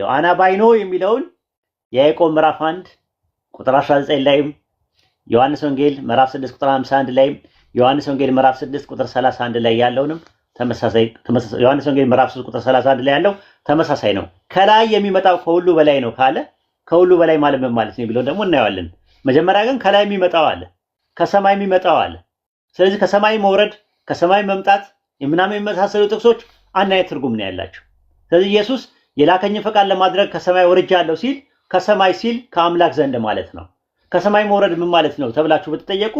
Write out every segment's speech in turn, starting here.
ዮሐና ባይኖ የሚለውን የያዕቆብ ምዕራፍ 1 ቁጥር 19 ላይም ዮሐንስ ወንጌል ምዕራፍ 6 ቁጥር 51 ላይም ዮሐንስ ወንጌል ምዕራፍ 6 ቁጥር 31 ላይ ያለውንም ተመሳሳይ ተመሳሳይ ዮሐንስ ወንጌል ምዕራፍ 6 ቁጥር 31 ላይ ያለው ተመሳሳይ ነው። ከላይ የሚመጣው ከሁሉ በላይ ነው ካለ ከሁሉ በላይ ማለት ምን ማለት ነው የሚለውን ደግሞ እናየዋለን። መጀመሪያ ግን ከላይ የሚመጣው አለ፣ ከሰማይ የሚመጣው አለ። ስለዚህ ከሰማይ መውረድ፣ ከሰማይ መምጣት የምናምን የመሳሰሉ ጥቅሶች አንድ አይነት ትርጉም ነው ያላቸው። ስለዚህ ኢየሱስ የላከኝን ፈቃድ ለማድረግ ከሰማይ ወርጃለሁ ሲል ከሰማይ ሲል ከአምላክ ዘንድ ማለት ነው። ከሰማይ መውረድ ምን ማለት ነው ተብላችሁ ብትጠየቁ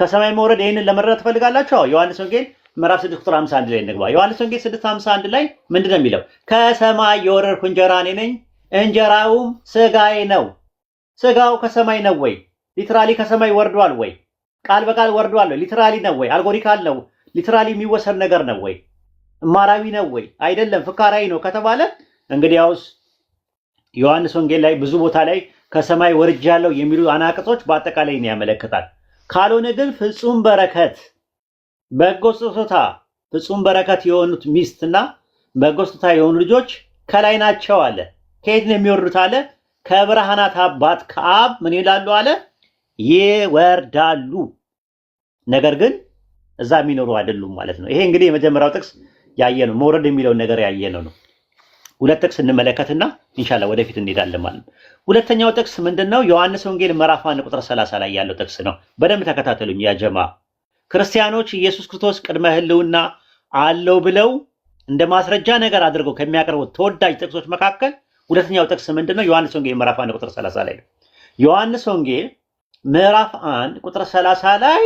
ከሰማይ መውረድ ይህንን ለመረዳት ትፈልጋላችሁ? አዎ ዮሐንስ ወንጌል ምዕራፍ 6 ቁጥር 51 ላይ እንግባ። ዮሐንስ ወንጌል 6 51 ላይ ምንድን ነው የሚለው? ከሰማይ የወረድኩ እንጀራ እኔ ነኝ፣ እንጀራውም ስጋዬ ነው። ስጋው ከሰማይ ነው ወይ? ሊትራሊ ከሰማይ ወርዷል ወይ? ቃል በቃል ወርዷል ወይ? ሊትራሊ ነው ወይ? አልጎሪካል ነው? ሊትራሊ የሚወሰድ ነገር ነው ወይ? እማራዊ ነው ወይ? አይደለም። ፍካራዊ ነው ከተባለ እንግዲያውስ ዮሐንስ ወንጌል ላይ ብዙ ቦታ ላይ ከሰማይ ወርጃለሁ የሚሉ አናቅጾች በአጠቃላይ ያመለክታል። ካልሆነ ግን ፍጹም በረከት በጎ ስጦታ ፍጹም በረከት የሆኑት ሚስትና በጎ ስጦታ የሆኑ ልጆች ከላይ ናቸው አለ። ከየት ነው የሚወርዱት አለ? ከብርሃናት አባት ከአብ ምን ይላሉ አለ? ይወርዳሉ። ነገር ግን እዛ የሚኖሩ አይደሉም ማለት ነው። ይሄ እንግዲህ የመጀመሪያው ጥቅስ ያየ ነው። መውረድ የሚለውን ነገር ያየ ነው ነው ሁለት ጥቅስ እንመለከትና ኢንሻአላህ ወደፊት እንሄዳለን ማለት ነው። ሁለተኛው ጥቅስ ምንድነው? ዮሐንስ ወንጌል ምዕራፍ 1 ቁጥር 30 ላይ ያለው ጥቅስ ነው። በደንብ ተከታተሉኝ ያ ጀማ ክርስቲያኖች ኢየሱስ ክርስቶስ ቅድመ ህልውና አለው ብለው እንደ ማስረጃ ነገር አድርገው ከሚያቀርቡት ተወዳጅ ጥቅሶች መካከል ሁለተኛው ጥቅስ ምንድነው? ዮሐንስ ወንጌል ምዕራፍ 1 ቁጥር 30 ላይ ነው። ዮሐንስ ወንጌል ምዕራፍ 1 ቁጥር 30 ላይ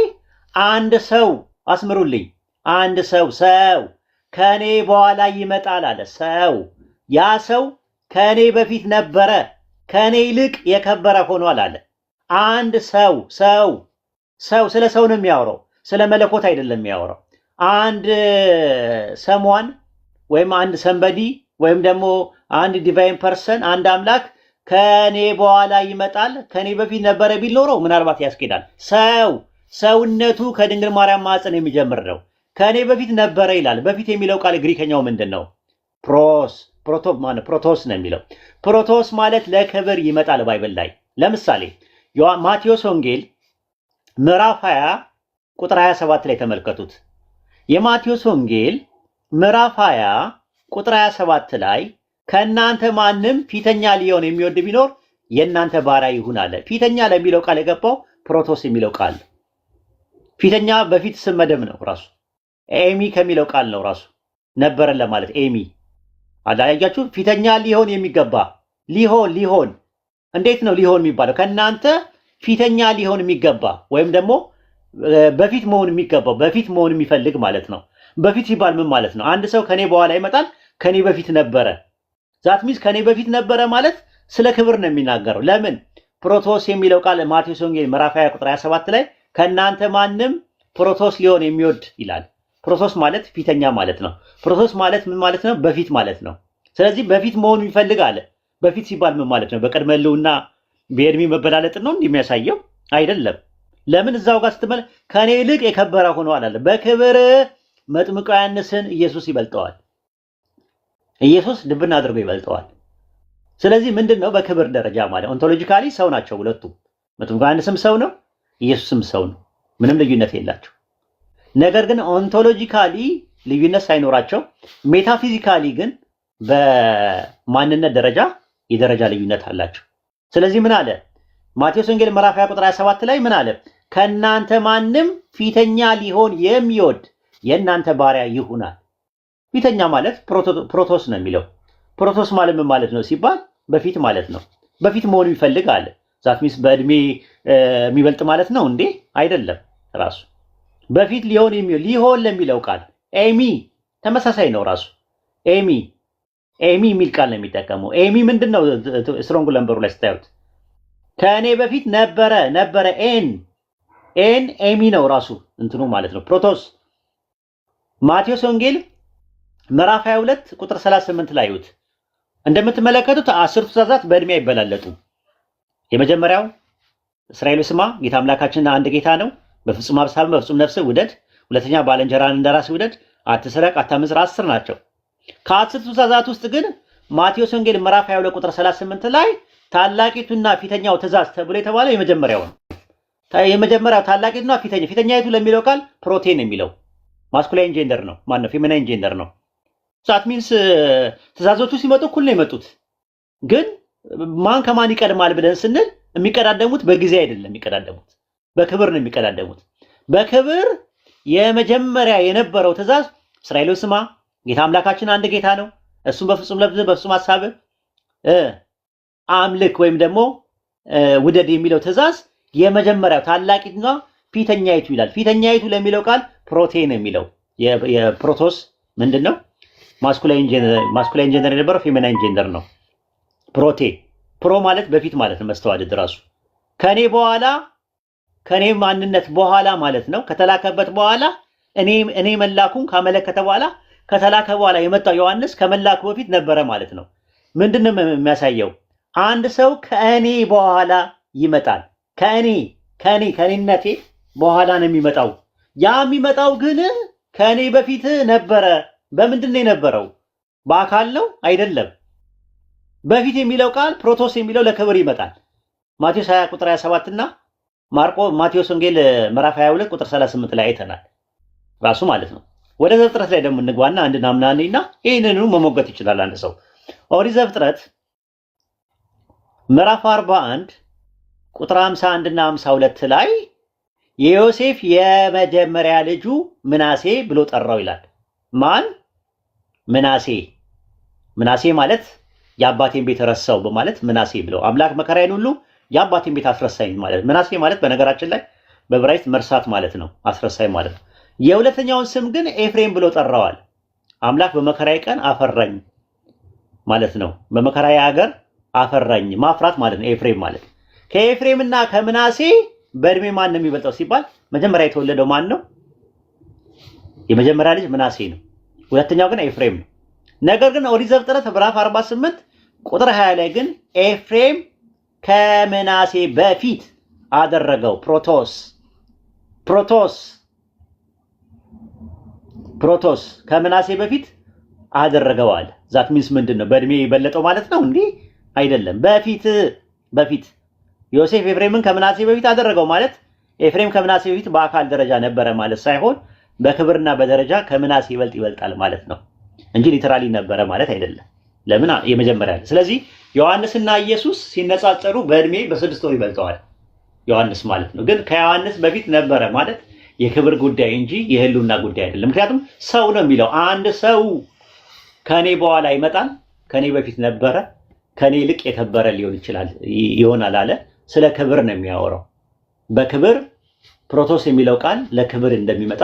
አንድ ሰው አስምሩልኝ፣ አንድ ሰው ሰው ከኔ በኋላ ይመጣል አለ ሰው ያ ሰው ከእኔ በፊት ነበረ፣ ከእኔ ይልቅ የከበረ ሆኗል አለ። አንድ ሰው ሰው ሰው ስለ ሰው ነው የሚያወራው፣ ስለ መለኮት አይደለም የሚያወራው። አንድ ሰሟን ወይም አንድ ሰንበዲ ወይም ደግሞ አንድ ዲቫይን ፐርሰን አንድ አምላክ ከኔ በኋላ ይመጣል ከኔ በፊት ነበረ ቢል ኖሮ ምናልባት ያስኬዳል። ሰው ሰውነቱ ከድንግል ማርያም ማፀን የሚጀምር ነው። ከእኔ በፊት ነበረ ይላል። በፊት የሚለው ቃል ግሪከኛው ምንድን ነው? ፕሮስ ፕሮቶ ማለት ፕሮቶስ ነው የሚለው ፕሮቶስ ማለት ለክብር ይመጣል ባይብል ላይ ለምሳሌ ማቴዎስ ወንጌል ምዕራፍ 20 ቁጥር 27 ላይ ተመልከቱት የማቴዎስ ወንጌል ምዕራፍ 20 ቁጥር 27 ላይ ከእናንተ ማንም ፊተኛ ሊሆን የሚወድ ቢኖር የእናንተ ባሪያ ይሁን አለ። ፊተኛ ለሚለው ቃል የገባው ፕሮቶስ የሚለው ቃል ፊተኛ በፊት ስም መደብ ነው ራሱ ኤሚ ከሚለው ቃል ነው ራሱ ነበረን ለማለት ኤሚ አላያችሁ? ፊተኛ ሊሆን የሚገባ ሊሆን ሊሆን እንዴት ነው ሊሆን የሚባለው? ከእናንተ ፊተኛ ሊሆን የሚገባ ወይም ደግሞ በፊት መሆን የሚገባው በፊት መሆን የሚፈልግ ማለት ነው። በፊት ሲባል ምን ማለት ነው? አንድ ሰው ከኔ በኋላ ይመጣል፣ ከኔ በፊት ነበረ። ዛት ሚንስ ከኔ በፊት ነበረ ማለት ስለ ክብር ነው የሚናገረው። ለምን ፕሮቶስ የሚለው ቃል ማቴዎስ ወንጌል ምዕራፍ 20 ቁጥር 27 ላይ ከእናንተ ማንም ፕሮቶስ ሊሆን የሚወድ ይላል። ፕሮሰስ ማለት ፊተኛ ማለት ነው። ፕሮሰስ ማለት ምን ማለት ነው? በፊት ማለት ነው። ስለዚህ በፊት መሆኑ ይፈልጋል በፊት ሲባል ምን ማለት ነው? በቅድመ ሕልውና በእድሜ መበላለጥ ነው እንዲህ የሚያሳየው አይደለም። ለምን እዛው ጋር ስትመለ ከኔ ይልቅ የከበረ ሆኖ አላለ። በክብር መጥምቀ ዮሐንስን ኢየሱስ ይበልጠዋል። ኢየሱስ ልብን አድርጎ ይበልጠዋል። ስለዚህ ምንድን ነው በክብር ደረጃ ማለት ኦንቶሎጂካሊ ሰው ናቸው ሁለቱም። መጥምቀ ዮሐንስም ሰው ነው፣ ኢየሱስም ሰው ነው። ምንም ልዩነት የላቸው። ነገር ግን ኦንቶሎጂካሊ ልዩነት ሳይኖራቸው ሜታፊዚካሊ ግን በማንነት ደረጃ የደረጃ ልዩነት አላቸው። ስለዚህ ምን አለ ማቴዎስ ወንጌል ምዕራፍ 20 ቁጥር 27 ላይ ምን አለ? ከእናንተ ማንም ፊተኛ ሊሆን የሚወድ የእናንተ ባሪያ ይሁናል። ፊተኛ ማለት ፕሮቶስ ነው የሚለው ፕሮቶስ ማለት ምን ማለት ነው ሲባል በፊት ማለት ነው። በፊት መሆኑ ይፈልግ አለ ዛትሚስ በእድሜ የሚበልጥ ማለት ነው እንዴ? አይደለም ራሱ በፊት ሊሆን ሊሆን ለሚለው ቃል ኤሚ ተመሳሳይ ነው። ራሱ ኤሚ ኤሚ የሚል ቃል ነው የሚጠቀመው። ኤሚ ምንድን ነው? ስትሮንግ ለምበሩ ላይ ስታዩት ከእኔ በፊት ነበረ ነበረ ኤን ኤን ኤሚ ነው ራሱ እንትኑ ማለት ነው። ፕሮቶስ ማቴዎስ ወንጌል ምዕራፍ 22 ቁጥር 38 ላይ እዩት። እንደምትመለከቱት አስርቱ ትእዛዛት በእድሜ አይበላለጡም። የመጀመሪያው እስራኤል ስማ፣ ጌታ አምላካችን አንድ ጌታ ነው። በፍጹም አብሳል በፍጹም ነፍስ ውደድ። ሁለተኛ ባለንጀራን እንደራስ ውደድ። አትስረቅ፣ አታመንዝር አስር ናቸው። ከአስርቱ ትእዛዛት ውስጥ ግን ማቴዎስ ወንጌል ምዕራፍ 22 ቁጥር 38 ላይ ታላቂቱና ፊተኛው ትእዛዝ ተብሎ የተባለው የመጀመሪያው ነው። የመጀመሪያው ታላቂቱና ፊተኛ ፊተኛይቱ ለሚለው ቃል ፕሮቴን የሚለው ማስኩላይን ጀንደር ነው። ማን ነው? ፌሚናይን ጀንደር ነው። ሳት ሚንስ ትእዛዞቹ ሲመጡ እኩል ነው የመጡት። ግን ማን ከማን ይቀድማል ብለን ስንል የሚቀዳደሙት በጊዜ አይደለም የሚቀዳደሙት በክብር ነው የሚቀዳደሙት። በክብር የመጀመሪያ የነበረው ትእዛዝ እስራኤልን ስማ፣ ጌታ አምላካችን አንድ ጌታ ነው፣ እሱም በፍጹም ልብህ በፍጹም ሀሳብ አምልክ ወይም ደግሞ ውደድ የሚለው ትእዛዝ የመጀመሪያው ታላቂትና ፊተኛይቱ ይላል። ፊተኛይቱ ለሚለው ቃል ፕሮቴን የሚለው የፕሮቶስ ምንድን ነው? ማስኩላይን ጀንደር የነበረው ፌሜናይን ጀንደር ነው። ፕሮቴ ፕሮ ማለት በፊት ማለት ነው። መስተዋደድ ራሱ ከእኔ በኋላ ከእኔ ማንነት በኋላ ማለት ነው ከተላከበት በኋላ እኔ መላኩን ካመለከተ በኋላ ከተላከ በኋላ የመጣው ዮሐንስ ከመላኩ በፊት ነበረ ማለት ነው። ምንድን ነው የሚያሳየው? አንድ ሰው ከእኔ በኋላ ይመጣል። ከእኔ ከእኔ ከእኔነቴ በኋላ ነው የሚመጣው። ያ የሚመጣው ግን ከእኔ በፊት ነበረ። በምንድን ነው የነበረው? በአካል ነው አይደለም። በፊት የሚለው ቃል ፕሮቶስ የሚለው ለክብር ይመጣል። ማቴዎስ 20 ቁጥር 27 እና ማርቆ ማቴዎስ ወንጌል ምዕራፍ 22 ቁጥር 38 ላይ አይተናል፣ ራሱ ማለት ነው። ወደ ዘፍጥረት ላይ ደግሞ እንግባና አንድ ናምናኔና ይህንኑ መሞገት ይችላል አንድ ሰው። ኦሪት ዘፍጥረት ምዕራፍ 41 ቁጥር 51 እና 52 ላይ የዮሴፍ የመጀመሪያ ልጁ ምናሴ ብሎ ጠራው ይላል። ማን ምናሴ? ምናሴ ማለት የአባቴን ቤት ረሳው በማለት ምናሴ ብለው አምላክ መከራዬን ሁሉ የአባቴን ቤት አስረሳኝ ማለት ምናሴ ማለት በነገራችን ላይ በብራይት መርሳት ማለት ነው፣ አስረሳኝ ማለት ነው። የሁለተኛውን ስም ግን ኤፍሬም ብሎ ጠራዋል። አምላክ በመከራዬ ቀን አፈራኝ ማለት ነው። በመከራዬ ሀገር አፈራኝ ማፍራት ማለት ነው። ኤፍሬም ማለት ከኤፍሬምና ከምናሴ በእድሜ ማን ነው የሚበልጠው ሲባል መጀመሪያ የተወለደው ማን ነው? የመጀመሪያ ልጅ ምናሴ ነው። ሁለተኛው ግን ኤፍሬም ነው። ነገር ግን ኦሪት ዘፍጥረት ምዕራፍ 48 ቁጥር 20 ላይ ግን ኤፍሬም ከምናሴ በፊት አደረገው። ፕሮቶስ ፕሮቶስ ፕሮቶስ ከምናሴ በፊት አደረገዋል። ዛት ሚንስ ምንድን ነው? በእድሜ የበለጠው ማለት ነው? እንዲህ አይደለም። በፊት በፊት ዮሴፍ ኤፍሬምን ከምናሴ በፊት አደረገው ማለት ኤፍሬም ከምናሴ በፊት በአካል ደረጃ ነበረ ማለት ሳይሆን በክብርና በደረጃ ከምናሴ ይበልጥ ይበልጣል ማለት ነው እንጂ ሊተራሊ ነበረ ማለት አይደለም። ለምን የመጀመሪያ ስለዚህ ዮሐንስና ኢየሱስ ሲነጻጸሩ በእድሜ በስድስት ወር ይበልጠዋል ዮሐንስ ማለት ነው። ግን ከዮሐንስ በፊት ነበረ ማለት የክብር ጉዳይ እንጂ የህልውና ጉዳይ አይደለም። ምክንያቱም ሰው ነው የሚለው አንድ ሰው ከኔ በኋላ ይመጣል፣ ከኔ በፊት ነበረ፣ ከኔ ይልቅ የከበረ ሊሆን ይችላል ይሆናል አለ። ስለ ክብር ነው የሚያወራው። በክብር ፕሮቶስ የሚለው ቃል ለክብር እንደሚመጣ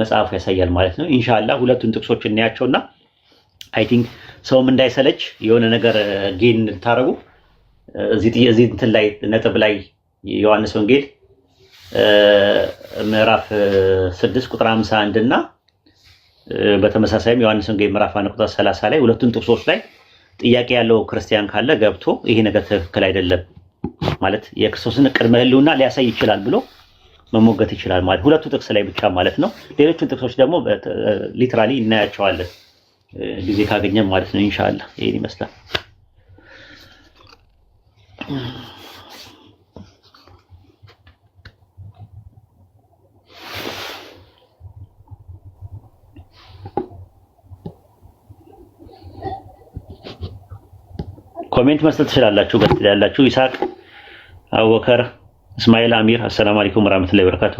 መጽሐፉ ያሳያል ማለት ነው። ኢንሻላህ ሁለቱን ጥቅሶች እናያቸውና አይ ቲንክ ሰውም እንዳይሰለች የሆነ ነገር ጌን uh, እንድታደረጉ uh, እዚህ እንትን ላይ ነጥብ ላይ ዮሐንስ ወንጌል uh, ምዕራፍ ስድስት ቁጥር አንድ እና በተመሳሳይም ዮሐንስ ወንጌል ምዕራፍ አንድ ቁጥር ሰላሳ ላይ ሁለቱን ጥቅሶች ላይ ጥያቄ ያለው ክርስቲያን ካለ ገብቶ ይሄ ነገር ትክክል አይደለም ማለት የክርስቶስን ቅድመ ህልውና ሊያሳይ ይችላል ብሎ መሞገት ይችላል ማለት ሁለቱ ጥቅስ ላይ ብቻ ማለት ነው። ሌሎቹን ጥቅሶች ደግሞ ሊትራሊ እናያቸዋለን። ጊዜ ካገኘ ማለት ነው። ኢንሻአላ ይሄን ይመስላል። ኮሜንት መስጠት ትችላላችሁ። ገስት ያላችሁ ኢሳቅ አወከር፣ እስማኤል አሚር አሰላሙ አለይኩም ወራህመቱላሂ ወበረካቱ፣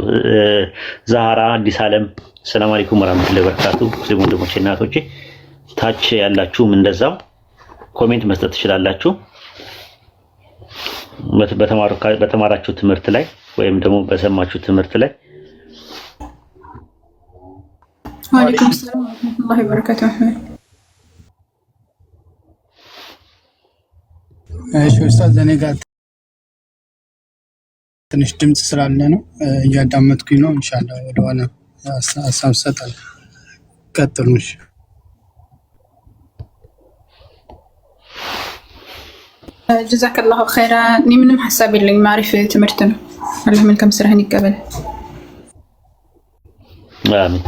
ዛሃራ አዲስ አለም አሰላሙ አለይኩም ወራህመቱላሂ ወበረካቱ። ሙስሊም ወንድሞቼ እናቶቼ ታች ያላችሁም እንደዛው ኮሜንት መስጠት ትችላላችሁ። በተማራችሁ ትምህርት ላይ ወይም ደግሞ በሰማችሁ ትምህርት ላይ ትንሽ ድምፅ ስላለ ነው እያዳመጥኩኝ ነው። ኢንሻአላህ ወደኋላ ሀሳብ ሰጣለሁ። ቀጥሉሽ جزاك الله خيرا ني من حسابي اللي ما عرف تمرتن الله من كم سرهني قبل آمين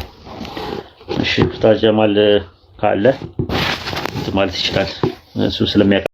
እሺ ፍታ ጀማል ካለ ማለት ይችላል እሱ ስለሚያውቅ